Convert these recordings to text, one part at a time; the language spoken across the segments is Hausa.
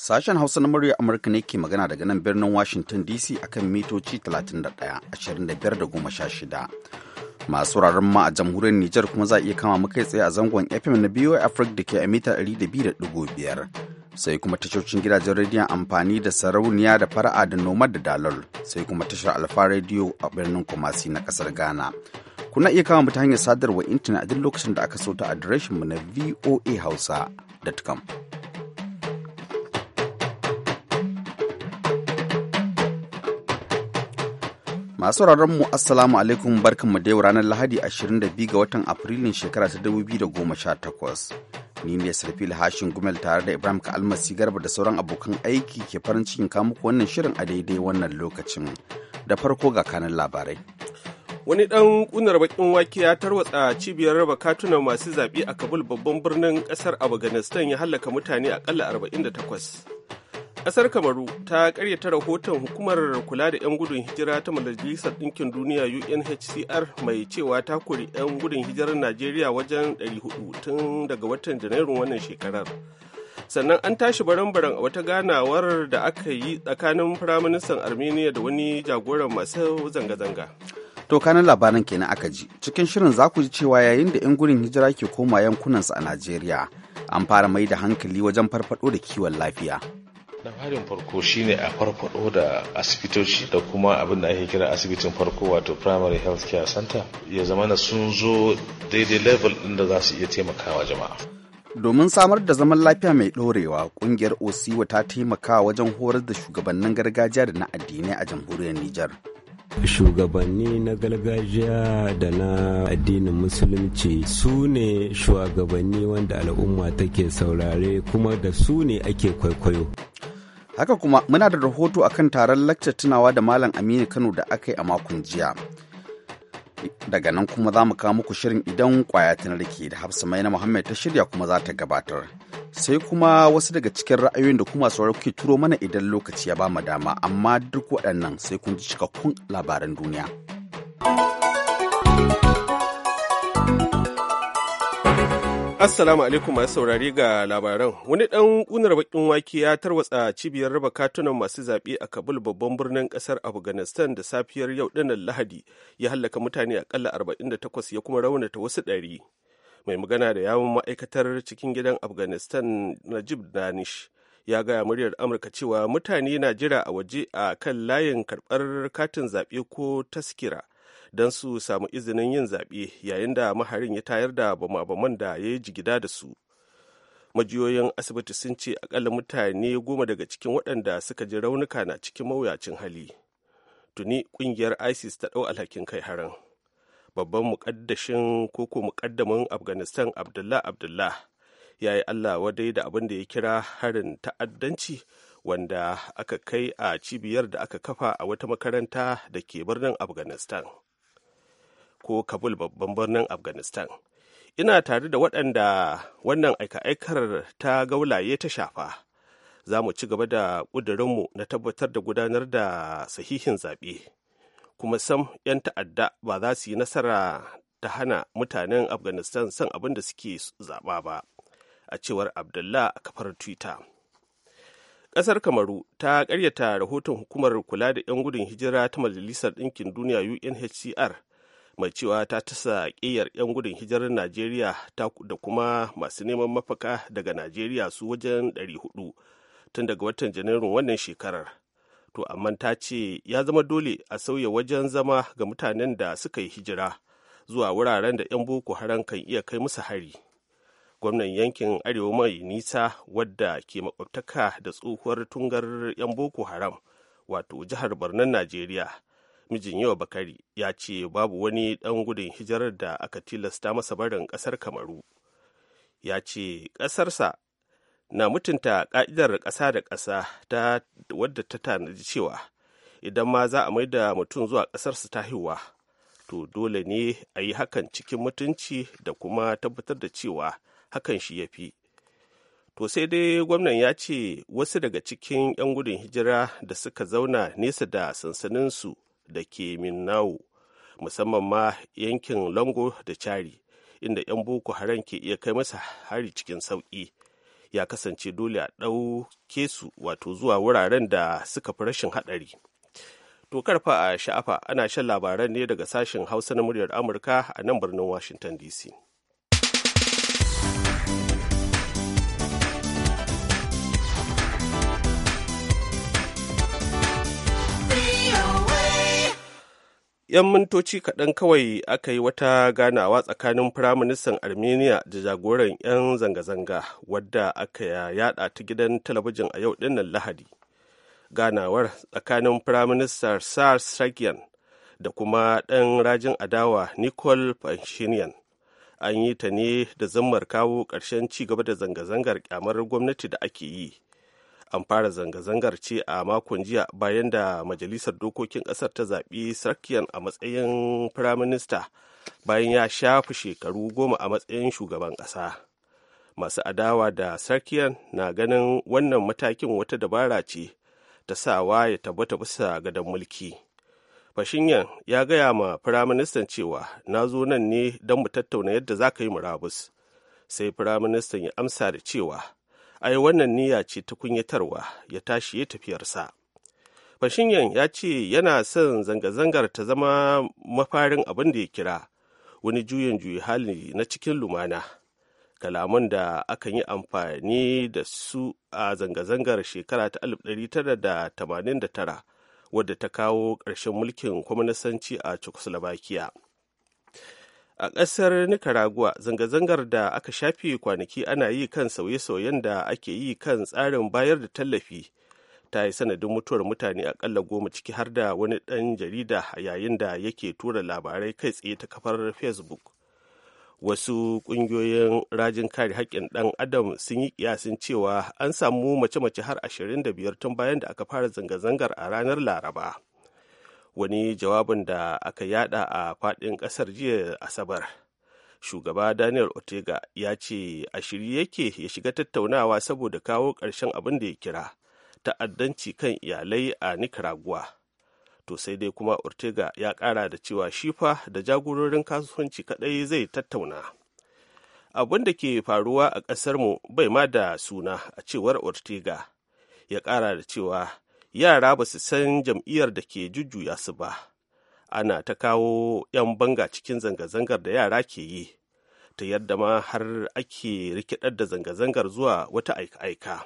Sashen Hausa na murya Amurka ne ke magana daga nan birnin Washington DC akan mitoci 31, 25 da 16. masu wuraren ma a jamhuriyar Nijar kuma za a iya kama kai tsaye a zangon FM na biyo Africa da ke a mita 200.5 sai kuma tashocin gidajen rediyon amfani da sarauniya da fara'a da noma da dalol sai kuma tashar alfa rediyo a birnin Kumasi na kasar Ghana. Kuna iya kama mu ta hanyar sadarwa intanet a duk lokacin da aka so ta adireshin mu na voahausa.com. Masu mu Assalamu alaikum barkan mu yau ranar Lahadi 22 ga watan Afrilun shekara ta 2018. Ni ne Sarfil Hashin Gumel tare da Ibrahim Kalmasi Garba da sauran abokan aiki ke farin cikin muku wannan shirin a daidai wannan lokacin. Da farko ga kanan labarai. Wani ɗan ƙunar baƙin wake ya tarwatsa cibiyar raba katuna masu zaɓe a Kabul babban birnin ƙasar Afghanistan ya hallaka mutane aƙalla 48. Ƙasar Kamaru ta karyata rahoton hukumar kula da 'yan gudun hijira ta Majalisar Ɗinkin Duniya UNHCR mai cewa ta kori 'yan gudun hijirar Najeriya wajen 400 tun daga watan Janairun wannan shekarar. Sannan an tashi baran-baran a wata ganawar da aka yi tsakanin Firaministan Armenia da wani jagoran masu zanga-zanga. To kanan labaran kenan aka ji. Cikin shirin za ku ji cewa yayin da 'yan gudun hijira ke koma yankunansu a Najeriya, an fara mai da hankali wajen farfado da kiwon lafiya. na farin farko shine a farfado da asibitoci da kuma abin da ake kira asibitin farko wato primary health care center ya zama na sun zo daidai level din da za su iya taimakawa jama'a domin samar da zaman lafiya mai ɗorewa ƙungiyar osiwa ta taimaka wajen horar da shugabannin gargajiya da na addinai a jamhuriyar nijar shugabanni na gargajiya da na addinin musulunci su ne shugabanni wanda al'umma take saurare kuma da su ne ake kwaikwayo haka kuma muna da rahoto akan taron lakcar tunawa da malam aminu kano da aka yi a makon jiya daga nan kuma za mu kawo muku shirin idan kwaya ta narke da hafsa mai na muhammad ta shirya kuma za ta gabatar sai kuma wasu daga cikin ra'ayoyin da kuma sauran kuke turo mana idan lokaci ya ba mu dama amma duk waɗannan sai kun ji cikakkun labaran duniya. Assalamu alaikum masu saurari ga labaran. Wani ɗan ƙunar baƙin wake ya tarwatsa cibiyar raba katunan masu zaɓe a Kabul babban birnin ƙasar Afghanistan da safiyar yau ɗanan Lahadi ya hallaka mutane aƙalla 48 ya kuma raunata wasu ɗari. Mai magana da yawon ma'aikatar cikin gidan Afghanistan Najib Danish ya gaya muryar Amurka cewa mutane na jira a waje a kan layin karɓar katin zaɓe ko taskira don su samu izinin yin zaɓe yayin da maharin ya tayar da bama-baman da ya yi jigida da su majiyoyin asibiti sun ce akalla mutane goma daga cikin waɗanda suka ji raunuka na cikin mawuyacin hali tuni ƙungiyar isis ta ɗau alhakin kai harin babban muƙaddashin koko muƙaddamin afghanistan abdullah abdullah ya yi allah wadai da abin da ya kira harin ta'addanci wanda aka kai a cibiyar da aka kafa a wata makaranta da ke birnin afghanistan ko kabul babban birnin afghanistan ina tare da waɗanda wannan aika-aikar ta gaulaye ta shafa za mu ci gaba da ƙudurinmu na tabbatar da gudanar da sahihin zaɓe kuma sam 'yan ta'adda ba za su yi nasara ta hana mutanen afghanistan son abin da suke zaɓa ba a cewar abdullah a kafar twitter ƙasar kamaru ta ƙaryata rahoton hukumar kula da 'yan gudun hijira ta majalisar ɗinkin duniya unhcr mai cewa ta tasa ƙiyar 'yan gudun hijirar najeriya da kuma masu neman mafaka daga najeriya su wajen 400 tun daga watan janairun wannan shekarar to amma ta ce ya zama dole a sauya wajen zama ga mutanen da suka yi hijira zuwa wuraren da 'yan boko haram kan iya kai musu hari gwamnan yankin arewa mai nisa wadda ke makwabtaka da tsohuwar tungar 'yan boko haram wato jihar barnan najeriya mijin yau bakari ya ce babu wani ɗan gudun hijirar da aka tilasta masa barin ƙasar kamaru ya ce ƙasarsa na mutunta ƙa'idar ƙasa da ƙasa ta wadda ta tanadi cewa idan ma za a maida mutum zuwa ƙasarsa ta haihuwa to dole ne a yi hakan cikin mutunci da kuma tabbatar da cewa hakan shi ya fi to sai dai gwamnan ya ce wasu daga cikin 'yan gudun hijira da suka zauna nesa da sansaninsu da ke minnawo musamman ma yankin lango da cari inda 'yan boko haram ke iya kai masa hari cikin sauƙi ya kasance dole a ɗauke su wato zuwa wuraren da suka fi rashin haɗari to karfa a sha'afa ana shan labaran ne daga sashen hausa na muryar amurka a nan birnin washington dc 'yan mintoci kaɗan kawai aka yi wata ganawa tsakanin firaministan armenia da jagoran 'yan zanga-zanga wadda aka yada ta gidan talabijin a yau dinnan lahadi ganawar tsakanin firaministan sars sargian da kuma ɗan rajin adawa nicole Pashinyan. an yi ta ne da zammar kawo ƙarshen ci gaba da zanga-zangar kyamar gwamnati da ake yi an fara zanga-zangar ce a makon jiya bayan da majalisar dokokin ƙasar ta zaɓi sarkiyan a matsayin firaminista bayan ya shafi shekaru goma a matsayin shugaban ƙasa masu adawa da sarkiyan na ganin wannan matakin wata dabara ce ta sawa ya tabbata bisa gadon mulki fashinyan ya gaya ma firaministan cewa na zo nan ne don mu tattauna yadda za ka yi murabus sai firaministan ya amsa da cewa ai wannan niyya ce ta kunyatarwa ya tashi ya tafiyarsa fashinyan ya ce yana son zanga-zangar ta zama mafarin abin da ya kira wani juyin juyi hali na cikin lumana kalaman da aka yi amfani da su a zanga-zangar shekara ta 1989 wadda ta kawo ƙarshen mulkin kwamnasanci a czechoslovakia a ƙasar nicaragua zanga-zangar da aka shafe kwanaki ana yi kan sauye-sauyen da ake yi kan tsarin bayar da tallafi ta yi sanadin mutuwar mutane akalla goma ciki har da wani ɗan jarida yayin da yake tura labarai kai tsaye ta kafar facebook wasu ƙungiyoyin rajin kare haƙƙin ɗan adam sun yi ƙiyasin cewa an samu mace-mace har 25 tun bayan da aka fara zanga-zangar a ranar laraba wani jawabin da aka yada a faɗin ƙasar jiya asabar shugaba daniel ortega ya ce a shirye yake ya shiga tattaunawa saboda kawo ƙarshen abin da ya kira ta'addanci kan iyalai a nicaragua to sai dai kuma ortega ya ƙara da cewa shifa da jagororin kasuwanci kaɗai zai tattauna abin da ke faruwa a ƙasarmu bai ma da suna a cewar ortega ya ƙara da cewa yara ba su san jam'iyyar da ke jujjuya su ba ana ta kawo 'yan banga cikin zanga-zangar da yara ke yi ta yadda ma har ake rikidar da zanga-zangar zuwa wata aika-aika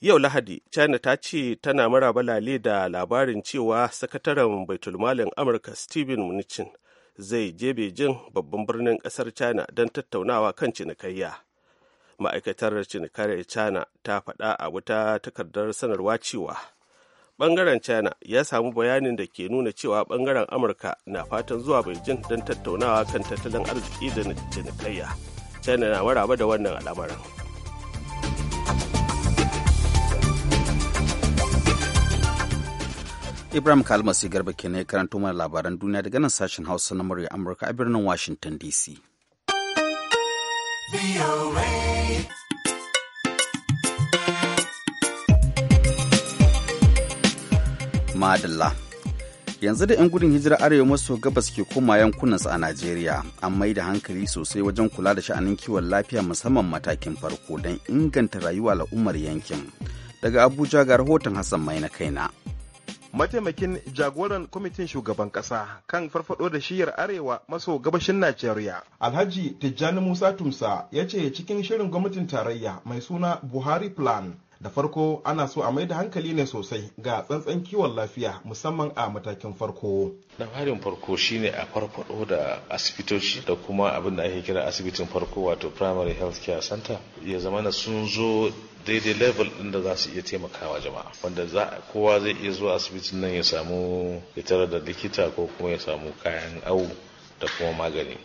yau lahadi china ta ce tana marabalale da labarin cewa sakataren baitulmalin amurka steven mnuchin zai je beijing babban birnin kasar china don tattaunawa kan cinikayya ma'aikatar cinikare china ta faɗa a wata takardar sanarwa cewa bangaren china ya samu bayanin da ke nuna cewa ɓangaren amurka na fatan zuwa beijing don tattaunawa kan tattalin arziki da cinikayya china na maraba da wannan al'amarin ibrahim kalmasi garba kenai ne karanto mana labaran duniya daga nan sashen hausa na murya amurka a birnin washington dc Madalla. Yanzu da 'yan gudun hijira arewa maso gabas ke koma yankunansu a Najeriya, an mai da hankali sosai wajen kula da sha'anin kiwon lafiya musamman matakin farko don inganta rayuwa al'ummar yankin. Daga Abuja ga rahoton Hassan Mai na kaina. mataimakin jagoran kwamitin shugaban kasa kan farfado da shiyar arewa maso gabashin najeriya alhaji tijjani musa tumsa ya ce cikin shirin gwamnatin tarayya mai suna buhari plan da farko ana so a mai da hankali ne sosai ga tsantsan kiwon lafiya musamman a matakin farko na farin farko shine a farfado da asibitoci da kuma abin da ake kira asibitin farko wato primary health care center ya zamana sun zo daidai level din da za su iya taimakawa jama'a wanda kowa zai iya zuwa asibitin nan ya samu ya tare da likita ko kuma ya samu kayan awu da kuma magani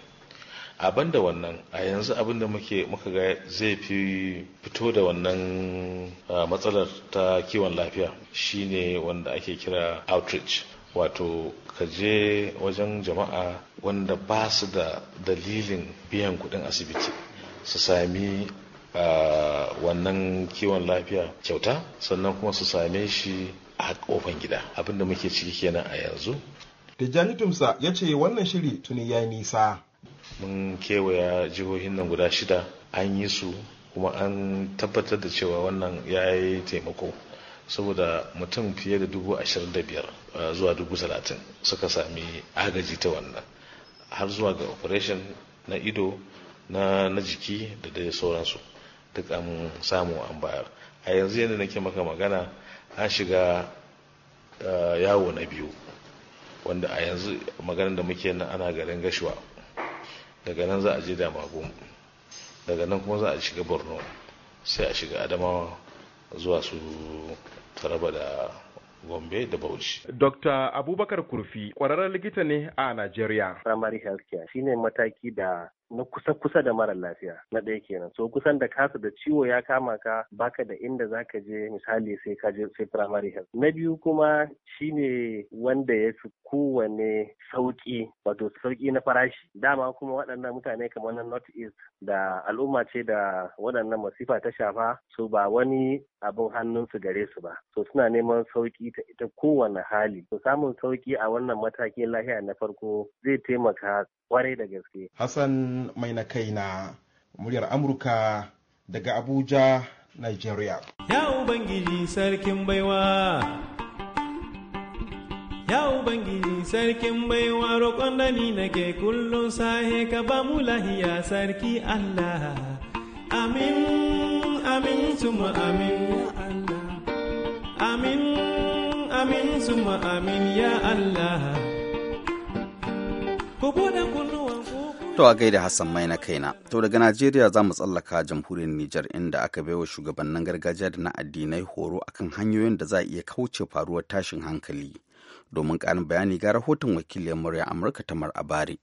abin da wannan a yanzu abin da muke muka ga zai fi fito da wannan matsalar ta kiwon lafiya shine wanda ake kira outreach wato ka je wajen jama'a wanda ba su da dalilin biyan kudin asibiti su sami wannan kiwon lafiya kyauta sannan kuma su same shi a kofan gida abinda muke ciki kenan a yanzu da janitumsa ya ce wannan shiri tuni ya nisa. Mun kewaya jihohin nan guda shida an yi su kuma an tabbatar da cewa wannan ya yi taimako saboda mutum fiye da dubu ashirin da biyar zuwa dubu talatin suka sami agaji ta wannan har zuwa ga operation na ido na jiki da dai sauransu. duk an samu an bayar a yanzu yadda nake maka magana an shiga eh, yawo na biyu wanda a yanzu maganar da muke nan ana garin gashuwa daga nan za a je damagun daga nan kuma za a shiga borno sai a shiga adamawa zuwa su taraba da Gombe da Bauchi. Dr. Abubakar Kurfi, kwararren likita ne a Najeriya. Primary health shine mataki da na kusa-kusa da mara lafiya na ɗaya kenan so kusan da kasa da ciwo ya kama ka baka da inda zaka je misali sai ka je sai primary health na biyu kuma shine wanda ya fi kowane sauki wato sauki na farashi dama kuma waɗannan mutane kamar na north east da al'umma ce da waɗannan masifa ta shafa so ba wani abin hannunsu gare su ba so suna neman sauki ta ita kowane hali so samun sauki a wannan matakin lahiya na farko zai taimaka kwarai da gaske. Hassan mai na kaina muryar Amurka daga Abuja, Nigeria. Ya Ubangiji sarkin baiwa, ya Ubangiji sarkin baiwa roƙon da ni nake kullum sahe ka ba mu lahiya sarki Allah. Amin, amin, suma amin, amin, amin, suma amin, ya Allah. To a gaida Hassan mai na kaina. To daga Najeriya za mu tsallaka jamhuriyar Nijar inda aka baiwa shugabannin gargajiya da na addinai horo akan hanyoyin da za a iya kauce faruwar tashin hankali. Domin ƙarin bayani ga rahoton wakilin murya Amurka Tamar Abari.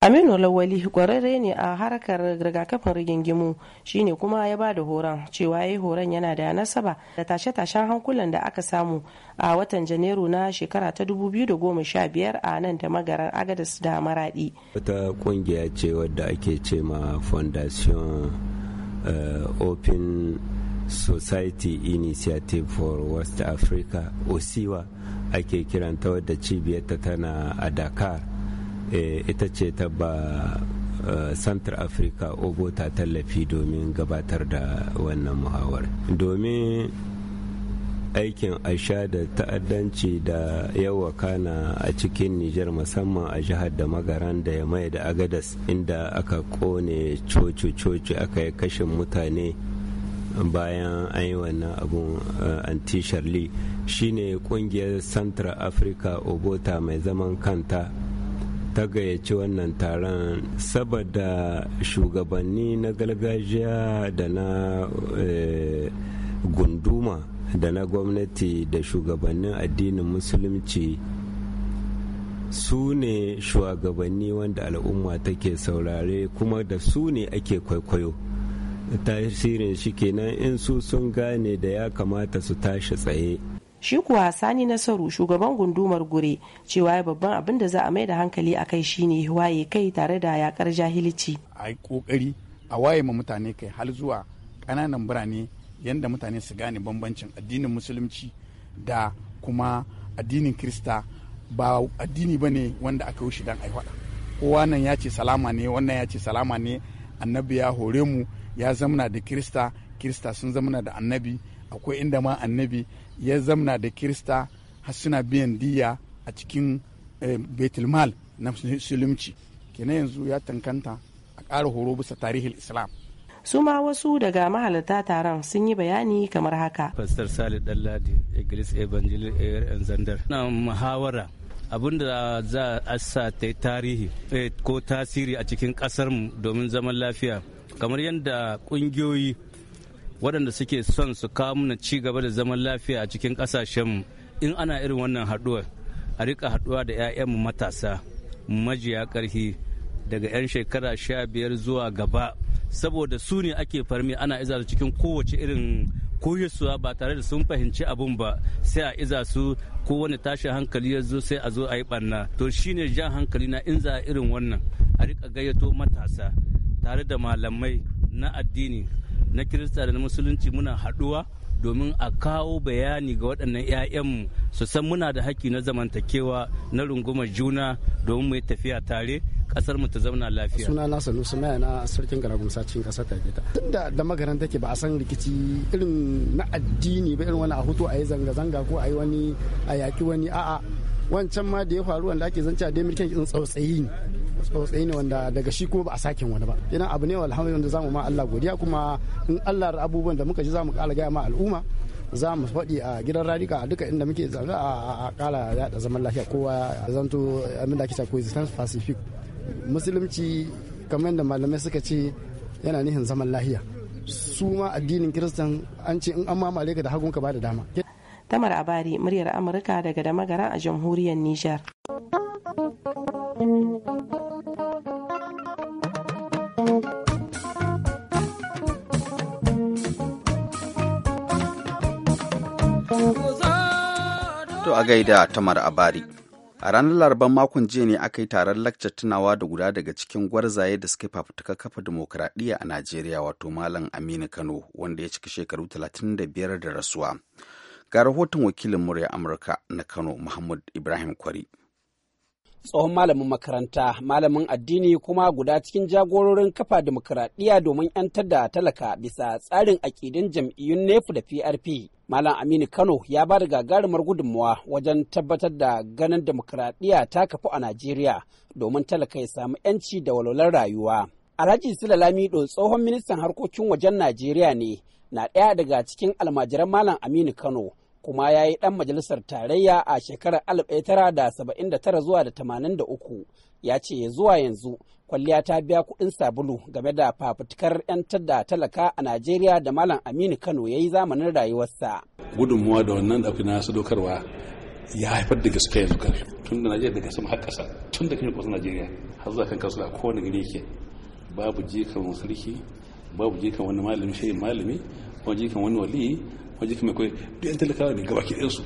aminu lawali kwararre ne a harkar rigakafin rigingimu shine kuma ya ba da horon cewa ya horon yana da nasaba da tashe-tashen hankulan da aka samu a watan janairu na shekara ta 2015 a nan da magaran agadis da maradi wata kungiya ce wadda ake ce ma fondation eh, open society initiative for west africa osiwa ake kiranta wadda cibiyarta tana a dakar Eh, ita ce ta ba eh, central africa obota tallafi domin gabatar da wannan muhawar domin aikin asha da ta'addanci da yawa kana a cikin Nijar musamman a jihar da magaran da ya mai da agadas inda aka kone coci-coci aka yi kashin mutane bayan an yi wannan abun eh, anti sharli shine kungiyar central africa obota mai zaman kanta ta gayyaci wannan taron saboda shugabanni na gargajiya da na eh, gunduma da na gwamnati da shugabannin addinin musulunci su ne shugabanni wanda al'umma take saurare kuma da su ne ake kwaikwayo tasirin shi kenan in su sun gane da ya kamata su tashi tsaye shi kuwa sani nasaru shugaban gundumar gure cewa babban abin da za a mai da hankali a kai shine waye kai tare da yakar jahilci a kokari a waye ma mutane kai har zuwa ƙananan birane yadda mutane su gane bambancin addinin musulunci da kuma addinin kirista ba addini ba ne wanda aka yi shi yi faɗa kowa nan ya ce salama ne wannan ya ce salama ne annabi ya hore mu ya zamana da kirista kirista sun zamana da annabi akwai inda ma annabi ya zamna da kirista har suna biyan diya a cikin eh, betulmal na musulunci kenan yanzu ya tankanta a ƙara horo bisa tarihin islam su ma wasu daga mahalarta taron sun yi bayani kamar haka pastor salih dalladi iglis evangelist yan zandar na muhawara abinda za a sa ta tarihi eh, ko tasiri a cikin kasar mu domin zaman lafiya kamar yadda kungiyoyi waɗanda suke son su kawo mana ci gaba da zaman lafiya a cikin ƙasashenmu in ana irin wannan haɗuwar a rika haɗuwa da 'ya'yanmu matasa majiya ƙarfi daga 'yan shekara sha biyar zuwa gaba saboda su ne ake farmi ana iza cikin kowace irin koyarsuwa ba tare da sun fahimci abun ba sai a iza su ko wani tashin hankali ya zo sai a zo a yi ɓanna to shine jan hankali na in za irin wannan a rika gayyato matasa tare da malamai na addini na kirista da na musulunci muna haɗuwa domin a kawo bayani ga waɗannan 'ya'yanmu su san muna da haƙƙi na zamantakewa na rungumar juna domin mai tafiya tare kasar mu ta zauna lafiya suna na sanu su maya na sarkin garagun sacin ƙasa ta gida Tun da magaran take ba a san rikici irin na addini ba irin wani a hutu a yi zanga-zanga ko a yi wani a yaƙi wani a'a wancan ma da ya faru wanda ake zance a dai tsautsayi ne tsautsayi ne wanda daga shi kuma ba a sake wani ba idan abu ne alhamdulillah wanda zamu ma Allah godiya kuma in Allah abubuwan da muka ji zamu kala gaya ma al'umma za mu faɗi a gidan radika duka inda muke zaune a kala yada zaman lafiya kowa zanto abin da ake cewa coexistence pacific musulunci kamar yadda malamai suka ce yana nihin zaman lafiya su ma addinin kiristan an ce in an ma malaika da hagun ka ba da dama tamar abari muryar amurka daga damagara a jamhuriyar nijar. To a gaida Tamar Abari. A ranar Laraban makon jiya ne aka yi taron lakcar tunawa da guda daga cikin gwarzaye da suka fafutuka kafa dimokuraɗiyya a Najeriya wato Malam Aminu Kano wanda ya cika shekaru 35 da rasuwa. Ga rahoton wakilin murya Amurka na Kano Muhammad Ibrahim Kwari. tsohon malamin makaranta malamin addini kuma guda cikin jagororin kafa demokuraɗiyya domin 'yantar da talaka bisa tsarin aƙidin jam'iyyun nefu da prp malam aminu kano ya ba da gagarumar gudunmawa wajen tabbatar da ganin demokuraɗiyya ta kafu a najeriya domin talaka ya samu 'yanci da walwalar rayuwa alhaji sila lamido tsohon ministan harkokin wajen najeriya ne na ɗaya daga cikin almajiran malam aminu kano kuma ya yi ɗan majalisar tarayya a shekarar 1979 zuwa da 83 ya ce zuwa yanzu kwalliya ta biya kuɗin sabulu game da fafutukar 'yan da talaka a najeriya da malam aminu kano ya yi zamanin rayuwarsa gudunmuwa da wannan ɗauki na sadaukarwa ya haifar da gaske yanzu kare tun da najeriya daga sama har ƙasa tun da kan ƙasar najeriya har zuwa kan kasuwa kowane gari yake babu jikan sarki babu jikan wani malami shehin malami ko jikan wani wali. waje kuma kawai duk yan talakawa ne gabaki ɗayansu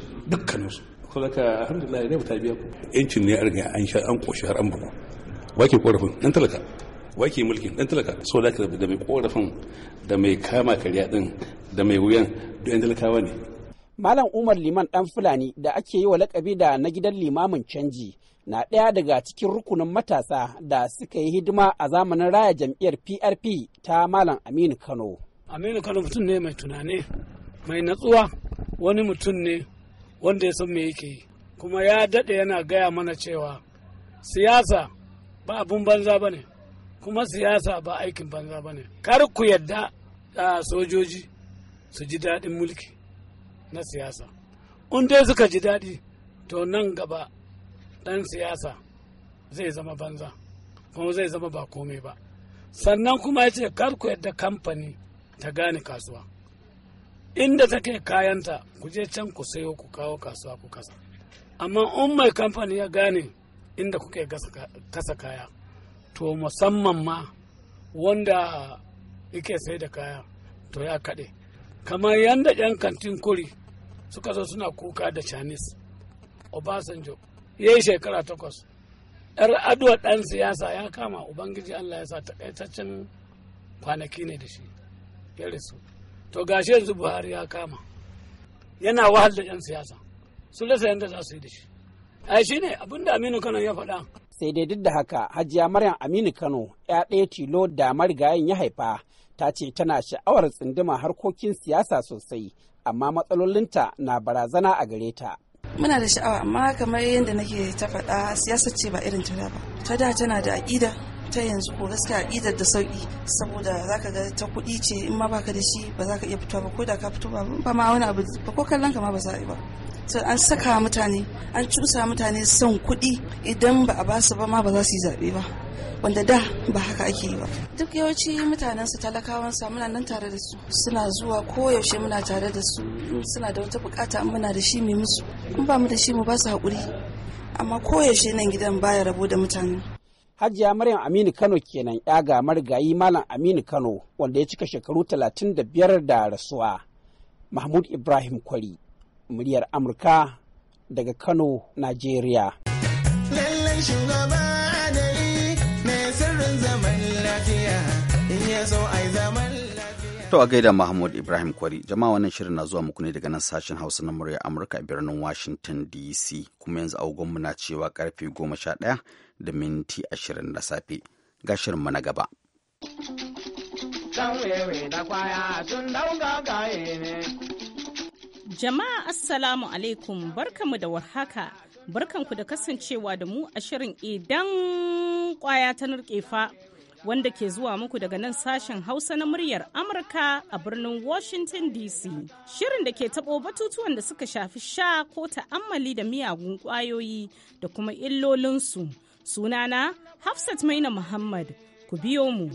su kuma ka alhamdulillah ne mutabi ya ku yancin ne arga an sha an koshi har an bugu wake korafin dan talaka wake mulkin dan talaka so da da mai korafin da mai kama karya din da mai wuyan duk yan talakawa ne Malam Umar Liman dan Fulani da ake yi wa lakabi da na gidan limamin canji na ɗaya daga cikin rukunin matasa da suka yi hidima a zamanin raya jam'iyyar PRP ta Malam Aminu Kano. Aminu Kano mutum ne mai tunani mai natsuwa wani mutum ne wanda ya san me yake yi kuma ya daɗe yana gaya mana cewa siyasa ba abun banza ba ne kuma siyasa ba aikin banza ba ne kar ku yadda a sojoji su ji daɗin mulki na siyasa in dai suka ji daɗi to nan gaba ɗan siyasa zai zama banza kuma zai zama ba komai ba sannan kuma ya ce kar ku yadda kamfani ta gane kasuwa inda take kayanta ku je can ku sayo ku kawo kasuwa ku kasa amma in mai kamfani ya gane inda kuke kasa kaya to musamman ma wanda yake sai da kaya to ya kaɗe kamar yadda 'yan kantin kuri suka zo suna kuka da chinese obasanjo ya yi shekara takwas yar aduwa ɗan siyasa ya kama ubangiji allah ya sa takaitaccen kwanaki ne da shi ya rasu to gashi yanzu buhari ya kama yana wahal da 'yan siyasa su rasa yadda za su yi da shi ai shi ne abin aminu kano ya faɗa sai dai duk da haka hajiya maryam aminu kano ya ɗaya tilo da marigayen ya haifa ta ce tana sha'awar tsinduma harkokin siyasa sosai amma matsalolinta na barazana a gare ta muna da sha'awa amma kamar yadda nake ta faɗa siyasa ce ba irin ta da ba ta da tana da aƙida ta yanzu ko gaskiya idar da sauƙi saboda zaka ga ta kuɗi ce in ma baka da shi ba za ka iya fitowa ba ko da ka fito ba ba ma wani abu ba ko kallon ka ma ba za a yi ba so an saka mutane an cusa mutane son kuɗi idan ba a basu ba ma ba za su yi zaɓe ba wanda da ba haka ake yi ba duk yawanci mutanen su talakawan sa muna nan tare da su suna zuwa ko yaushe muna tare da su suna da wata bukata muna da shi mai musu in ba mu da shi mu ba su haƙuri amma ko yaushe nan gidan baya rabo da mutane Hajiya Maryam Aminu Kano kenan ya ga marigayi Malam Aminu Kano wanda ya cika shekaru 35 da rasuwa. Mahmud Ibrahim Kwari, muryar Amurka daga Kano, Najeriya. Lallan shugaba adali mai sirrin zaman lafiya in ya To a gaida Mahmud Ibrahim Kwari, jama'a wannan shirin na zuwa muku ne daga nan sashen Hausa na murya Amurka a birnin Washington DC kuma yanzu agogonmu na cewa karfe 11 da minti ashirin na safe. Ga shirinmu na gaba. Jama'a Assalamu alaikum barkamu da warhaka barkanku da kasancewa da mu a shirin idan kwaya ta nurkefa wanda ke zuwa muku daga nan sashen Hausa na muryar Amurka a birnin Washington DC. Shirin da ke taɓo batutuwan da suka shafi sha ko ta'ammali da miyagun kwayoyi da kuma illolinsu. Sunana Hafsat Maina Muhammad. Ku biyo mu.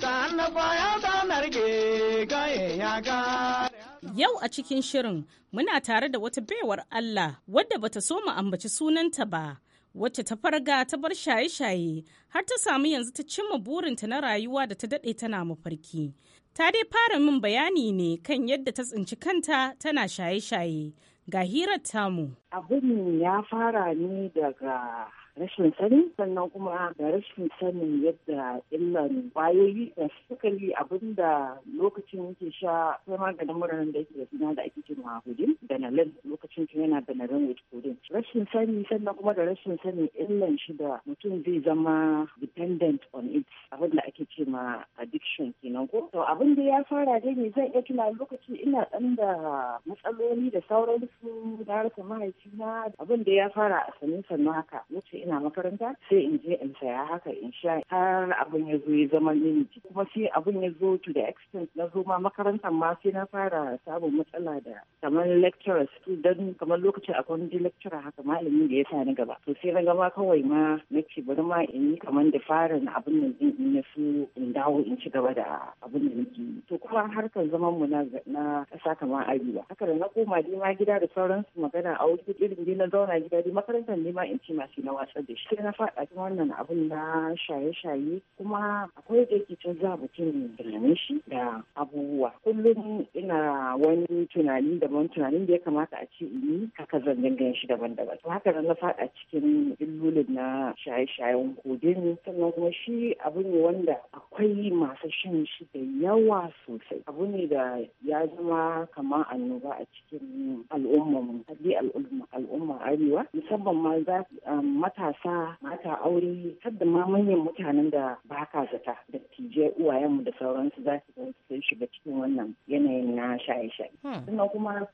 Yau a cikin shirin muna tare da wata baiwar Allah wadda bata so mu ambaci sunanta ba. wacce ta farga ta bar shaye-shaye har ta samu yanzu ta cimma burinta na rayuwa da ta daɗe tana mafarki. Ta dai fara min bayani ne kan yadda ta tsinci kanta tana shaye-shaye ga hirar tamu. Abin ya fara ne daga rashin sani sannan kuma da rashin sanin yadda illan kwayoyi da sukari abinda lokacin yake sha sai maganin muranin da yake da suna da ake cewa hudin da nalin lokacin tun yana da na with hudin rashin sani sannan kuma da rashin sanin illan shi da mutum zai zama dependent on it abinda ake ce ma addiction kenan ko to abin da ya fara dai ne zan iya tuna lokacin ina dan da matsaloli da sauransu da rasa mahaifina abin da ya fara a sanin sannu haka wuce ina makaranta sai in je in saya haka in sha har abin ya zo ya zama mini kuma sai abin ya zo to the extent na zo ma makarantar ma sai na fara samun matsala da kamar lecturers dan kamar lokacin akwai wani lecturer haka malami da ya sa ni gaba to sai na gama kawai ma nake bari ma in yi kamar da farin abin nan din in su in dawo in ci gaba da abin da nake yi to kuma harkar zaman mu na na kasa kamar arewa haka da na koma dai ma gida da sauransu magana a wuri irin dai na zauna gida dai makarantar ne ma in ci masu na wasu watsa da shi na faɗa cikin wannan abun na shaye-shaye kuma akwai da yake canza mutum tunanin shi da abubuwa kullum ina wani tunani daban tunanin da ya kamata a ce ini haka zan dinga shi daban-daban to haka na faɗa cikin illolin na shaye-shayen ne. sannan kuma shi abu ne wanda akwai masu shan shi da yawa sosai abu ne da ya zama kamar annoba a cikin al'ummar al'umma arewa musamman ma um, mata sa mata aure har ma manyan mutanen da ba ka zata da tije uwayenmu da sauransu za su sun shiga cikin wannan yanayin na shaye-shaye. Hmm. Sannan kuma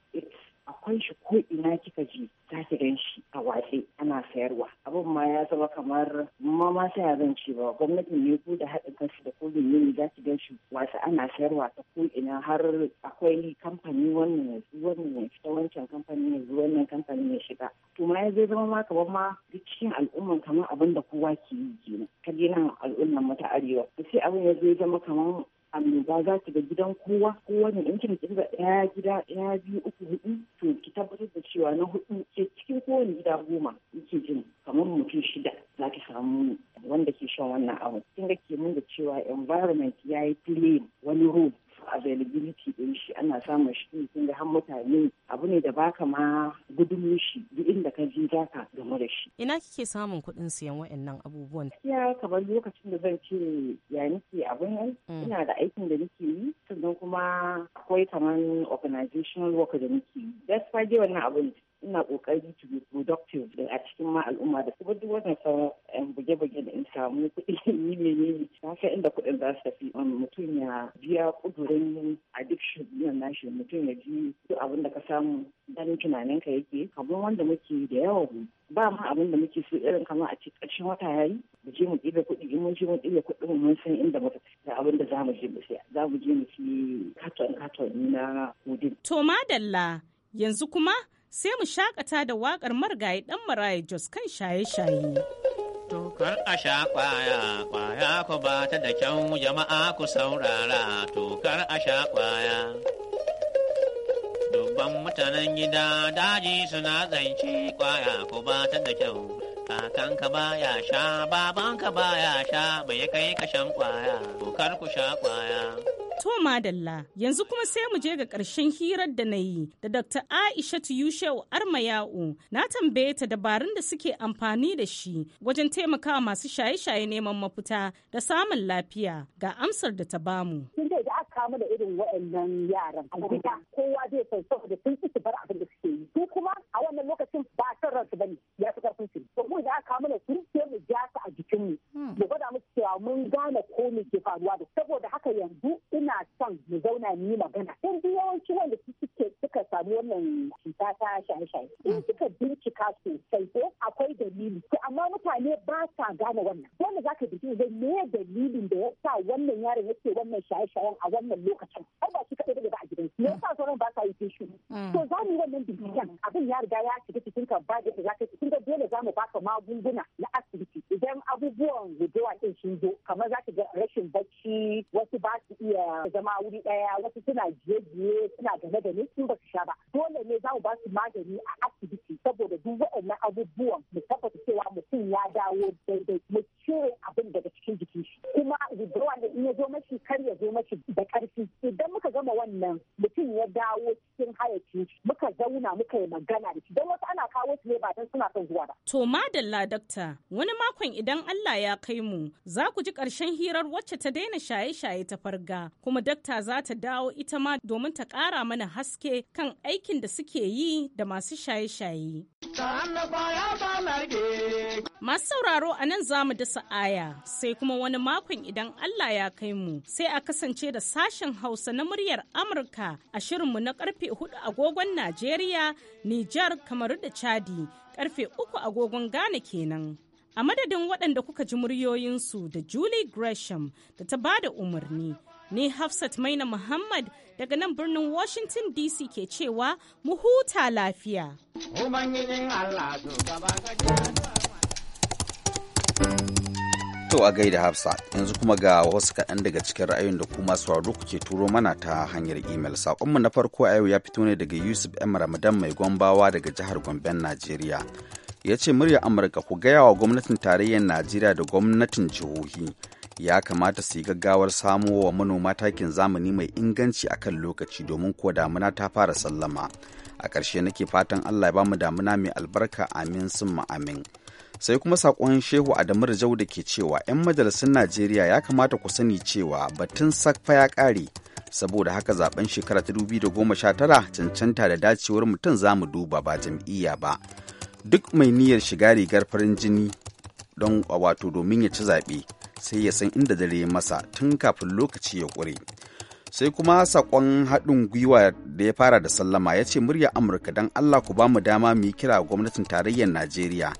akwai shi ko ina kika ji za ki gan shi a watse ana sayarwa abin ma ya zama kamar ma ma sai ya zan ba gwamnatin ne ku da haɗin kansu da kogin yini za ki gan shi ana sayarwa ta ko ina har akwai kamfani wannan ya fita wancan kamfani wannan kamfani ya shiga to ya zai zama ma kamar ma duk cikin al'umman kamar abin da kowa ke yi kenan ka je nan al'ummar mu ta arewa sai abin ya zai zama kamar annoba za su ga gidan kowa kowa ne in kina ɗaya gida ɗaya biyu uku hudu to ki tabbatar da cewa na hudu ke cikin kowane gida goma yake jin kamar mutum shida za ki samu wanda ke shan wannan abu kin ga ke mun da cewa environment ya yi play wani role availability din shi ana samun shi kin ga har mutane abu ne da baka ma gudun shi duk inda ka ji za ka game da shi. Ina kike samun kuɗin siyan waɗannan abubuwan? Gaskiya kamar lokacin da zan ce ya nake abin yan mm. ina da aikin da nake yi sannan kuma akwai kamar organizational work da nake yi. Gaskiya dai wannan abin ina kokari to be productive a cikin ma al'umma da kuma duk wannan sauran yan buge-buge da in samu kuɗi ni ne na san inda kuɗin za su tafi mutum ya biya kudurin addiction ɗin nashi mutum ya ji duk abin da ka samu dan tunanin ka yake kamar wanda muke da yawa ba ma abin da muke so irin kamar a cikin ƙarshen wata yayi mu je mu ɗiba kuɗi in mun je mu ɗiba kuɗin mun san inda muka da abin da za mu je mu siya za mu je mu ci katon katon na hudin. To madalla yanzu kuma sai mu shakata da waƙar marigayi ɗan maraye Jos kan shaye-shaye. Tokar a sha kwaya, kwaya ku ba ta da kyau jama'a ku saurara, tokar a sha kwaya. Dubban mutanen gida daji suna zance kwaya ku ba ta da kyau. Kakanka ba ya sha, babanka ba ya sha, bai kai kashan kwaya, tokar ku sha kwaya. To madalla yanzu kuma sai mu je ga ƙarshen hirar da na yi da Dr. aisha Yushau Armayau na tambaye ta dabarun da suke amfani da shi wajen taimakawa masu shaye-shaye neman mafita da samun lafiya ga amsar da ta bamu. Kin irin waɗannan yaran a gida kowa zai san saboda sun ci bar abin da suke yi. Su kuma a wannan lokacin ba ransu ya fi karfin su. To mu da aka kama da su sai mu ja su a jikinmu. Hmm. Mu gwada mu ba mun gane ko me ke faruwa da saboda haka yanzu ina son mu zauna mu magana dan duk yawanci wanda suke suka samu wannan cuta ta shaye-shaye in suka bincika sosai ko akwai dalili to amma mutane ba sa gane wannan dole zaka bi zai me dalilin da ya sa wannan yaron yake wannan shaye-shayen a wannan lokacin ba me yasa sauran ba sa yi fishu mm. to za mu yi wannan binciken abin ya riga ya shiga cikin ka ba da za ka cikin ga dole za mu baka magunguna na asibiti idan abubuwan guduwa din sun zo kamar za ka ga rashin bacci wasu ba su iya zama wuri daya wasu suna jiye-jiye suna da gane sun ba su sha ba dole ne za mu ba su magani a asibiti saboda duk waɗannan abubuwan mu tabbata cewa mutum ya dawo daidai mu cire abin daga cikin jikin shi kuma gujewa da in ya zo mashi kar ya zo mashi da ƙarfi gama wannan mutum ya dawo cikin hayaki muka zauna muka yi magana da shi don wasu ana kawo su ne ba don suna son zuwa ba. To madalla dakta wani makon idan Allah ya kai mu za ku ji ƙarshen hirar wacce ta daina shaye-shaye ta farga kuma dakta za ta dawo ita ma domin ta ƙara mana haske kan aikin da suke yi da masu shaye-shaye. Masu sauraro a nan za mu dasa aya sai kuma wani makon idan Allah ya kai mu sai a kasance da sashen Hausa na muryar Amurka a shirinmu na karfe hudu agogon Najeriya, Nijar, Kamaru da Chadi, karfe uku agogon Ghana kenan. A madadin waɗanda kuka ji muryoyinsu da Julie Gresham da ta bada umarni, ne Hafsat Maina Muhammad daga nan birnin Washington DC ke cewa mu huta lafiya. Allah To a gaida Hafsa, yanzu kuma ga wasu kaɗan daga cikin ra'ayin da kuma sauraro kuke turo mana ta hanyar imel. Saƙonmu na farko a yau ya fito ne daga Yusuf M. Ramadan mai gombawa daga jihar Gomben, Najeriya. Ya ce murya Amurka ku gaya wa gwamnatin tarayyar Najeriya da gwamnatin jihohi. Ya kamata su yi gaggawar samo wa manoma takin zamani mai inganci a kan lokaci domin ko damuna ta fara sallama. A ƙarshe nake fatan Allah ya bamu damuna mai albarka amin sun amin. sai kuma sakon shehu adamu rajau da ke cewa 'yan majalisun najeriya ya kamata ku sani cewa batun sakfa ya kare saboda haka zaben shekara ta 2019 cancanta da dacewar mutum za mu duba ba jam'iyya ba duk mai niyyar shiga rigar farin jini don wato domin ya ci zaɓe sai ya san inda dare masa tun kafin lokaci ya ƙure sai kuma sakon haɗin gwiwa da ya fara da sallama ya ce murya amurka don allah ku ba mu dama mu yi kira gwamnatin tarayyar najeriya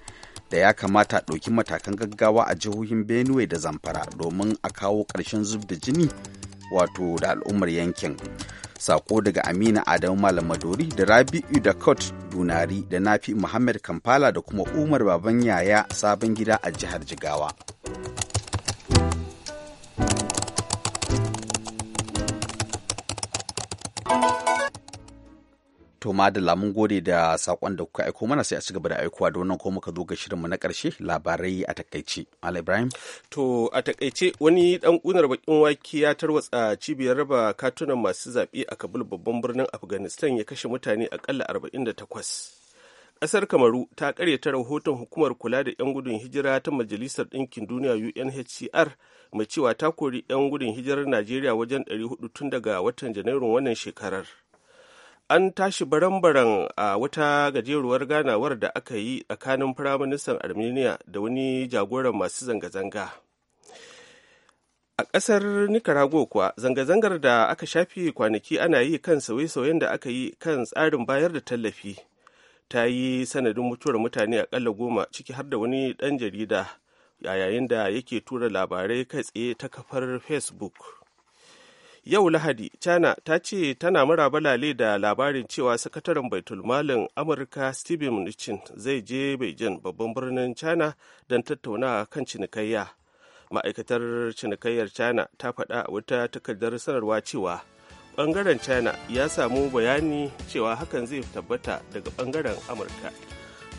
da ya kamata a ɗauki matakan gaggawa a jihohin benue da zamfara domin a kawo ƙarshen zub da jini wato da al'ummar yankin sako daga amina adamu malam madori da rabi'u da kot dunari da nafi muhammad kampala da kuma umar baban yaya sabon gida a jihar jigawa To ma da lamun gode da saƙon da kuka aiko mana sai a cigaba da aikowa da wannan ko muka zo ga shirinmu na ƙarshe labarai a takaice. Ibrahim. To a takaice wani dan kunar bakin waki ya tarwatsa cibiyar raba katunan masu zaɓe a Kabul babban birnin Afghanistan ya kashe mutane akalla 48. Ƙasar Kamaru ta karyata rahoton hukumar kula da 'yan gudun hijira ta Majalisar Ɗinkin Duniya UNHCR mai cewa ta kori 'yan gudun hijirar Najeriya wajen 400 tun daga watan Janairun wannan shekarar. an tashi baran-baran a wata gajeruwar ganawar da aka yi tsakanin firaministan armenia da wani jagoran masu zanga-zanga a ƙasar nicaragua kuwa zanga-zangar da aka shafi kwanaki ana yi kan sauye-sauyen da aka yi kan tsarin bayar da tallafi ta yi sanadin mutuwar mutane akalla goma ciki har da wani ɗan jarida yayin da yake tura labarai kai tsaye ta kafar facebook yau lahadi china ta ce tana murabalale da labarin cewa sakataren baitulmalin amurka steven mnuchin zai je beijing babban birnin china don tattauna kan cinikayya ma'aikatar cinikayyar china ta faɗa wata takardar sanarwa cewa bangaren china ya samu bayani cewa hakan zai tabbata daga bangaren amurka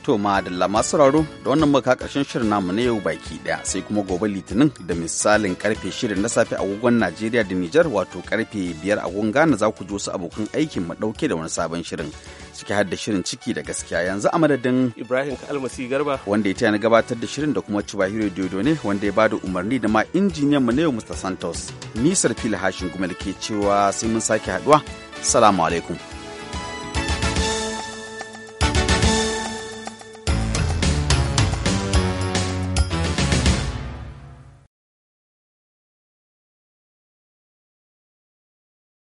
To da masu sauraro da wannan maka karshen shirin namu na yau baki ɗaya sai kuma gobe litinin da misalin karfe shirin na safe agogon Najeriya da Nijar wato karfe biyar a agogon Ghana za ku ji wasu abokan aikin mu dauke da wani sabon shirin ciki har da shirin ciki da gaskiya yanzu a madadin Ibrahim Almasi Garba wanda ya tana gabatar da shirin da kuma Chibahiro Dodo ne wanda ya bada umarni da ma injiniyan mu na yau Mr Santos ni Sarfil Hashin Gumal ke cewa sai mun sake haduwa assalamu alaikum